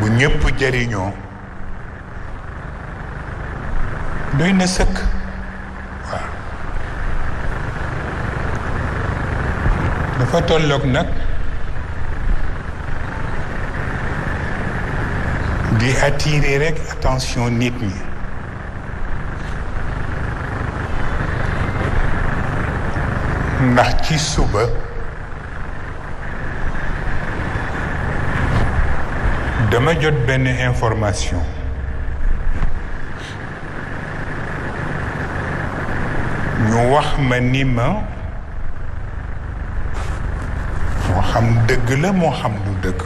bu ñëpp jëriñoo doy na sëkk dafa tolloog nag di attirer rek attention nit ñi ndax ci suba dama jot benn information ñu wax ma ni ma moo xam dëgg la moo xam du dëgg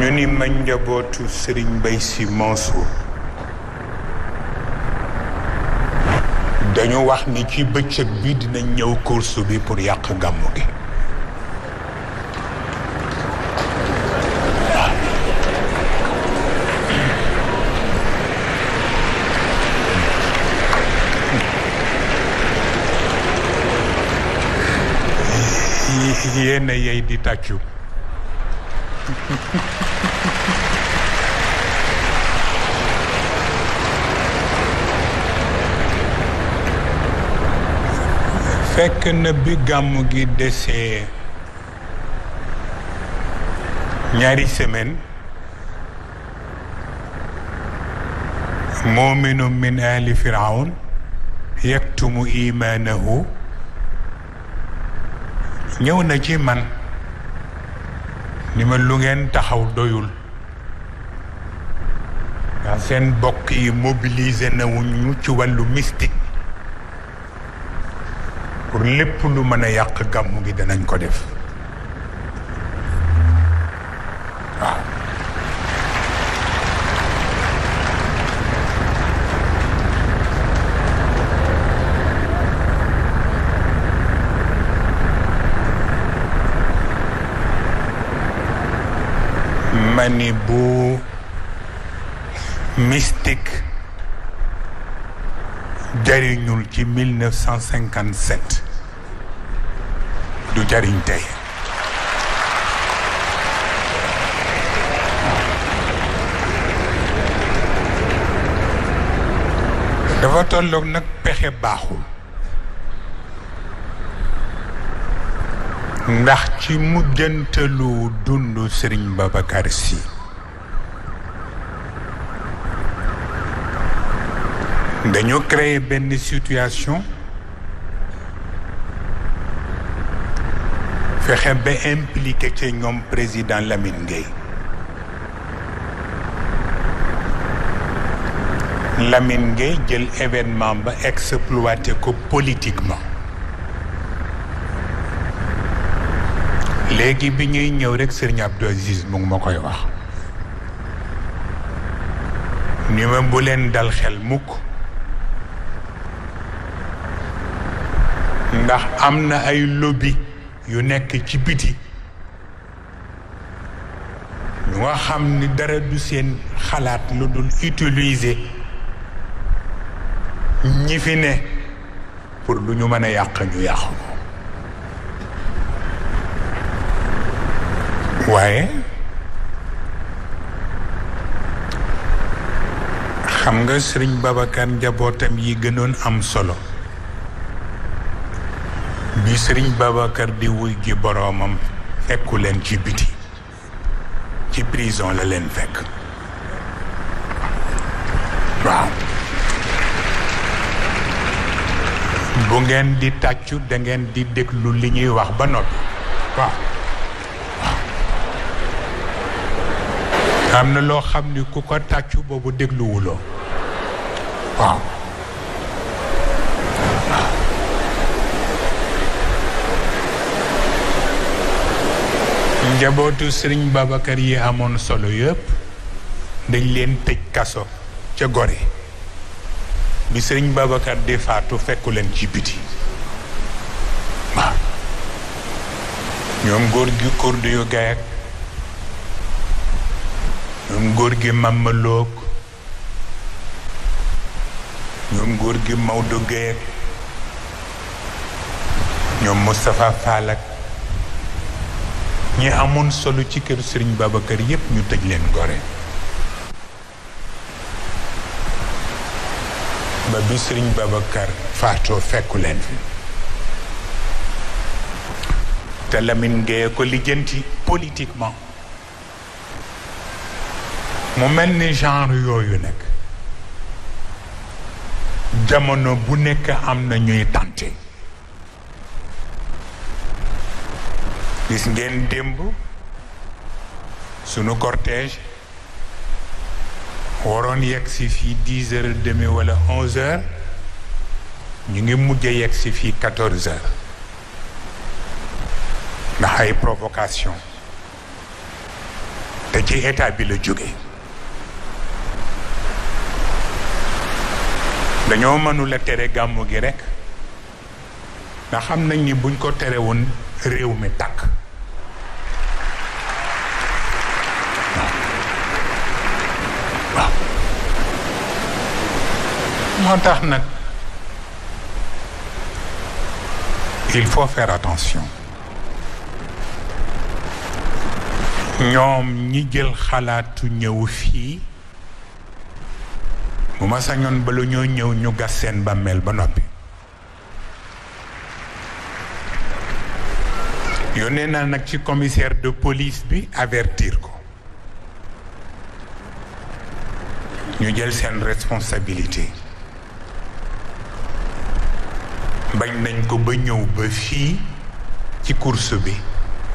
ñu ni ma njabootu sëriñ Mbaye Sy Mansour dañu wax ni ci bëccëg bi dina ñëw course bi pour yàq gàmmu gi yéen a di tàccu fekk na bi gàmmu gi desee ñaari semaine muminun min ali firaun yaktumu imanahu ñëw na ci man ni ma lu ngeen taxaw doyul ndax seen bokk yi mobiliser nawuñu ci wàllu mystique pour lépp lu mën a yàq gàmmu gi danañ ko def ma bu mystique jariñul ci mille neuf cent cinquante sept du jariñ tey dafa tolloog nag pexe baaxul ndax ci mujjantalu dund Serigne Babacar Sy dañoo créer benn situation fexe ba impliqué ci ñoom président Lamine Gueye jël événement ba exploité ko léegi bi ñuy ñëw rek sëriñ Abdou Aziz mu ma koy wax ni ma bu leen dal xel mukk ndax am na ay lobby yu nekk ci biti ñu nga xam ni dara du seen xalaat lu dul utiliser ñi fi ne pour lu ñu mën a yàq ñu yàqu waaye xam nga sëriñ Babacar njabootam yi gënoon am solo bi sëriñ Babacar di wuy gi boroomam fekku leen ci biti ci prison la leen fekk waaw bu ngeen di tàccu da ngeen di déglu li ñuy wax ba noppi waaw am na loo xam ni ku ko tàccu boobu dégluwuloo njabootu sëriñ Babacar yi amoon solo yëpp dañ leen tëj kaso ca Gorée bi sëriñ Babacar di faatu fekku leen ci biti ñoom góor gi Kordu yu Gaye ñoom góor gi Mama Loog ñoom góor gi Maodo Gueye ñoom Moustapha Fall ñi amoon solo ci kër sëriñ Babacar yépp ñu tëj leen gore ba bi sëriñ Babacar faatoo fekku leen te Lamine Gueye ko lijjanti politiquement mu mel ni genre yooyu nag jamono bu nekk am na ñuy tànte gis ngeen démb sunu cortège waroon yegg si fii dix demi wala onze ñu ngi mujj a yegg fii quatorze heures ndax ay provocation te ci état bi la jóge dañoo mënul tere gàmmu gi rekk ndax xam nañ ni buñ ko tere woon réew mi tàkk moo tax nag il faut faire attention ñoom ñi jël xalaatu ñëw fii bu ma sañoon ba lu ñoo ñëw ñu gas seen bàmmeel ba noppi yónnee naa nag ci commissaire de police bi avertir ko ñu jël seen responsabilité bañ nañ ko ba ñëw ba fii ci course bi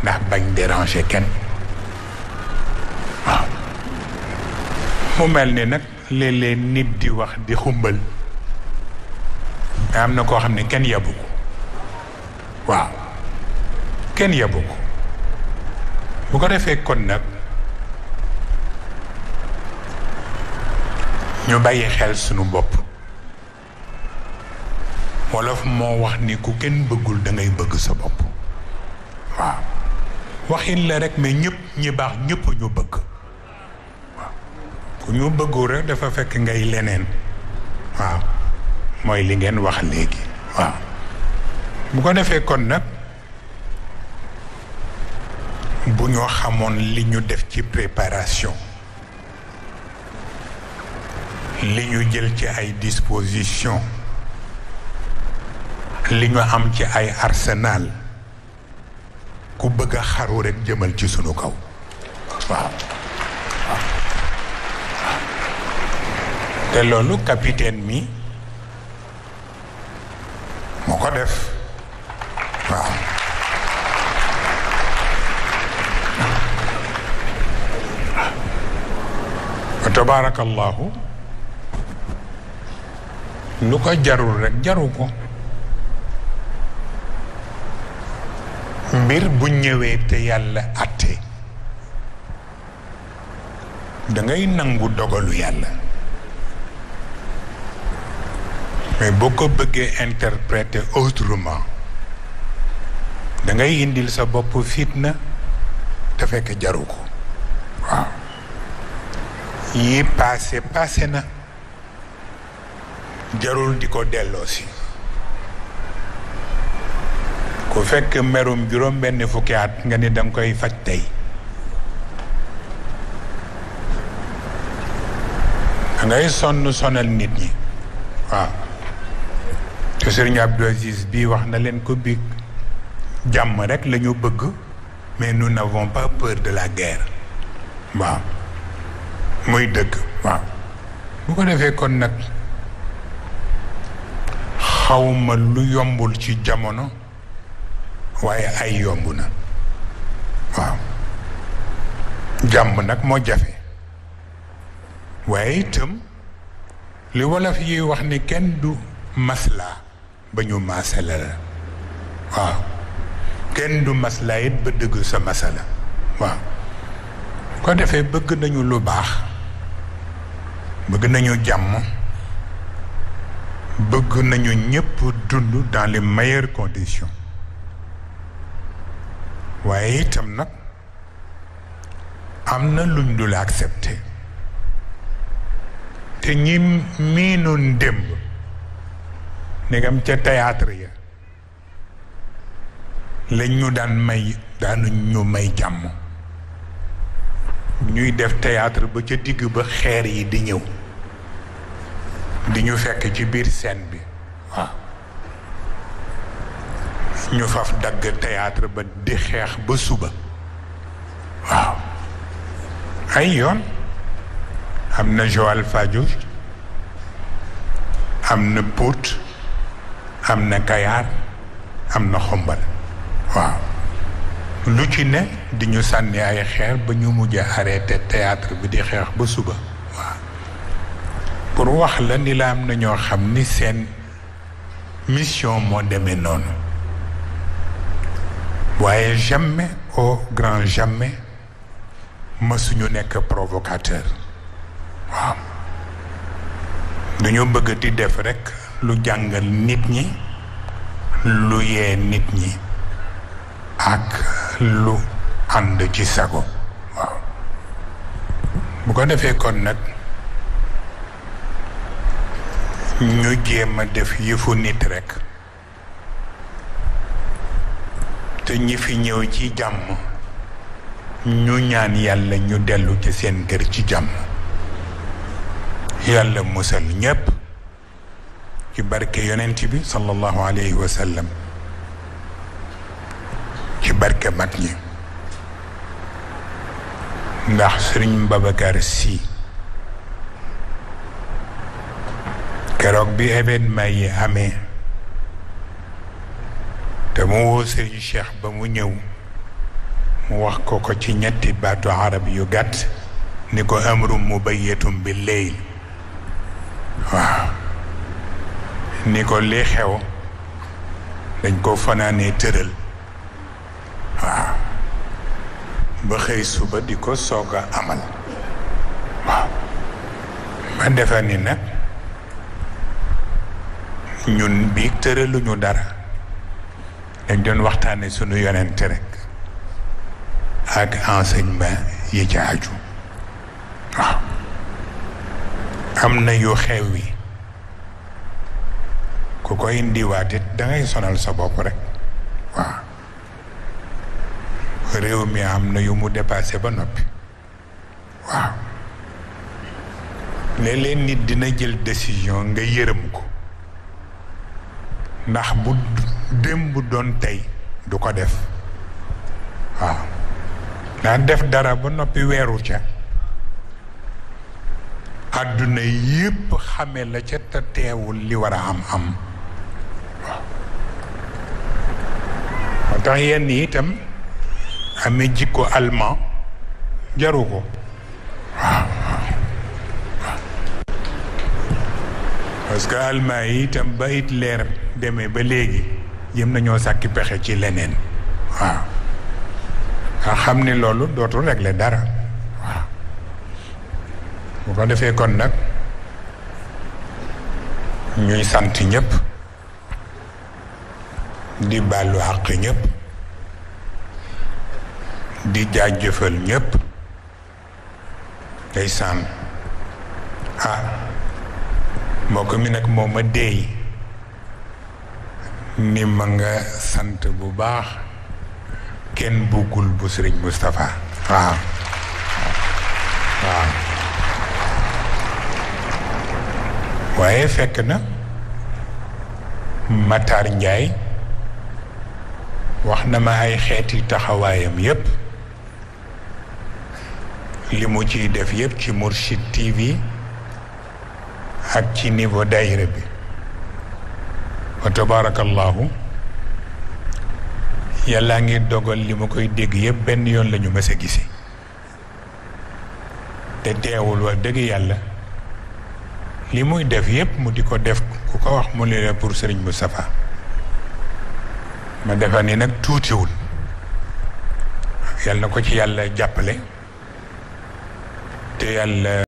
ndax bañ déranger kenn waaw mu mel ni nag léeg-léeg nit di wax di xumbal am na koo xam ne kenn yabu ko waaw kenn yabu ko bu ko defee kon nag ñu bàyyi xel sunu bopp wolof moo wax ni ku kenn bëggul dangay bëgg sa bopp waaw waxin la rekk mais ñëpp ñi baax ñëpp ñu bëgg ku ñu bëggul rek dafa fekk ngay leneen waaw mooy li ngeen wax léegi waaw bu ko defee kon nag bu ñoo xamoon li ñu def ci préparation li ñu jël ci ay disposition li ñu am ci ay arsenal ku bëgg a xaru rekk jëmal ci sunu kaw waaw te loolu capitaine mi moo ko def waaw wa tabaarakallaahu lu ko jarul rekk jaru ko mbir bu ñëwee te yàlla atte da ngay nangu dogalu yàlla mais boo ko bëggee interpréter autrement dangay indil sa bopp fitna te fekk jaru ko waaw yi passé passé na jarul di ko delloosi si ku fekk merum juróom benn fukki at nga ni danga koy faj tey da sonn sonal nit ñi waaw te sëriñ Abdou bii wax na leen ko biig jàmm rek lañu bëgg mais nous n'avons pas peur de la guerre waaw muy dëgg waaw bu ko defee kon nag xawma lu yombul ci jamono waaye ay yomb na waaw jàmm nag moo jafe waaye itam li wolof yi wax ni kenn du maslaa ba ñu maasala la waaw kenn du masla it ba dëgg sa masala waaw ko defee bëgg nañu lu baax bëgg nañu jàmm bëgg nañu ñëpp dund dans les meilleures conditions waaye itam nag am na luñ dul accepté te ñi miinoon démb ndegam ca théâtre ya lañu daan may daanuñ ñu may jàmm ñuy def théâtre ba ca digg ba xeer yi di ñëw di ñu fekk ci biir scène bi waaw ñu faf dagg théâtre ba di xeex ba suba waaw ay yoon am na Joal Fadiouth am na Pout am na kayaar am na xombal waaw lu ci ne di ñu sànni ay xeer ba ñu mujj arrêté théâtre bi di xeex ba suba pour wax la ni la am na ñoo xam ni seen mission moo demee noonu waaye jamais au grand jamais mësuñu nekk provocateur waaw du bëgg di def rekk lu jàngal nit ñi lu yee nit ñi ak lu ànd ci sago waaw bu ko defee kon nag ñu jéem a def yëfu nit rekk te ñi fi ñëw ci jàmm ñu ñaan yàlla ñu dellu ci seen kër ci jàmm yàlla musal ñépp ci barke yonent bi sallallahu alayhi wa sallam ci barke mag ñi ndax sëriñ Babacar Sy keroog bi événement yi amee te mu woo sëriñ Cheikh ba mu ñëw mu wax ko ko ci ñetti baatu arab yu gàtt ni ko amrum mubayyatum bil layl waaw ni ko lii xew dañ koo fanaanee tëral waaw ba xëy suba di ko soog a amal waaw ma defe ni nag ñun biig tëraluñu dara dañ doon waxtaane sunu yonent rek ak enseignement yi ci aju waaw am na yu xew yi ku ko indiwaat it da sonal sa bopp rek waaw réew mi am na yu mu dépassé ba noppi waaw léeg-léeg nit dina jël décision nga yërëm ko ndax bu démb doon tey du ko def waaw ndax def dara ba noppi weeru ca àdduna yépp xame la ca teewul li war a am am tax yenn yi itam amee jikko allemand jaru ko waaw parce que yi itam ba it leer deme ba léegi yëm nañoo sàkki pexe ci leneen waaw nga xam ni loolu dootul régler dara waaw bu ko defee kon nag ñuy sant ñëpp di bàllu àq ñépp di jaajëfal ñépp day sànn ah mbokk mi nag moo ma deey ni ma nga sant bu baax kenn buggul bu sëriñ Moustapha waaw ah. ah. waaw waaye fekk na Matar Ndiaye wax na ma ay xeeti taxawaayam yépp li mu ciy def yépp ci Mourchid TV ak ci niveau daayira bi wa yàlla ngir ngi dogal li ma koy dégg yépp benn yoon la ñu mës a gisi te teewul wa dëgg yàlla li muy def yépp mu di ko def ku ko wax mu ne la pour Serigne Moustapha ma defe ni nag tuutiwul yàlla na ko ci yàlla jàppale te yàlla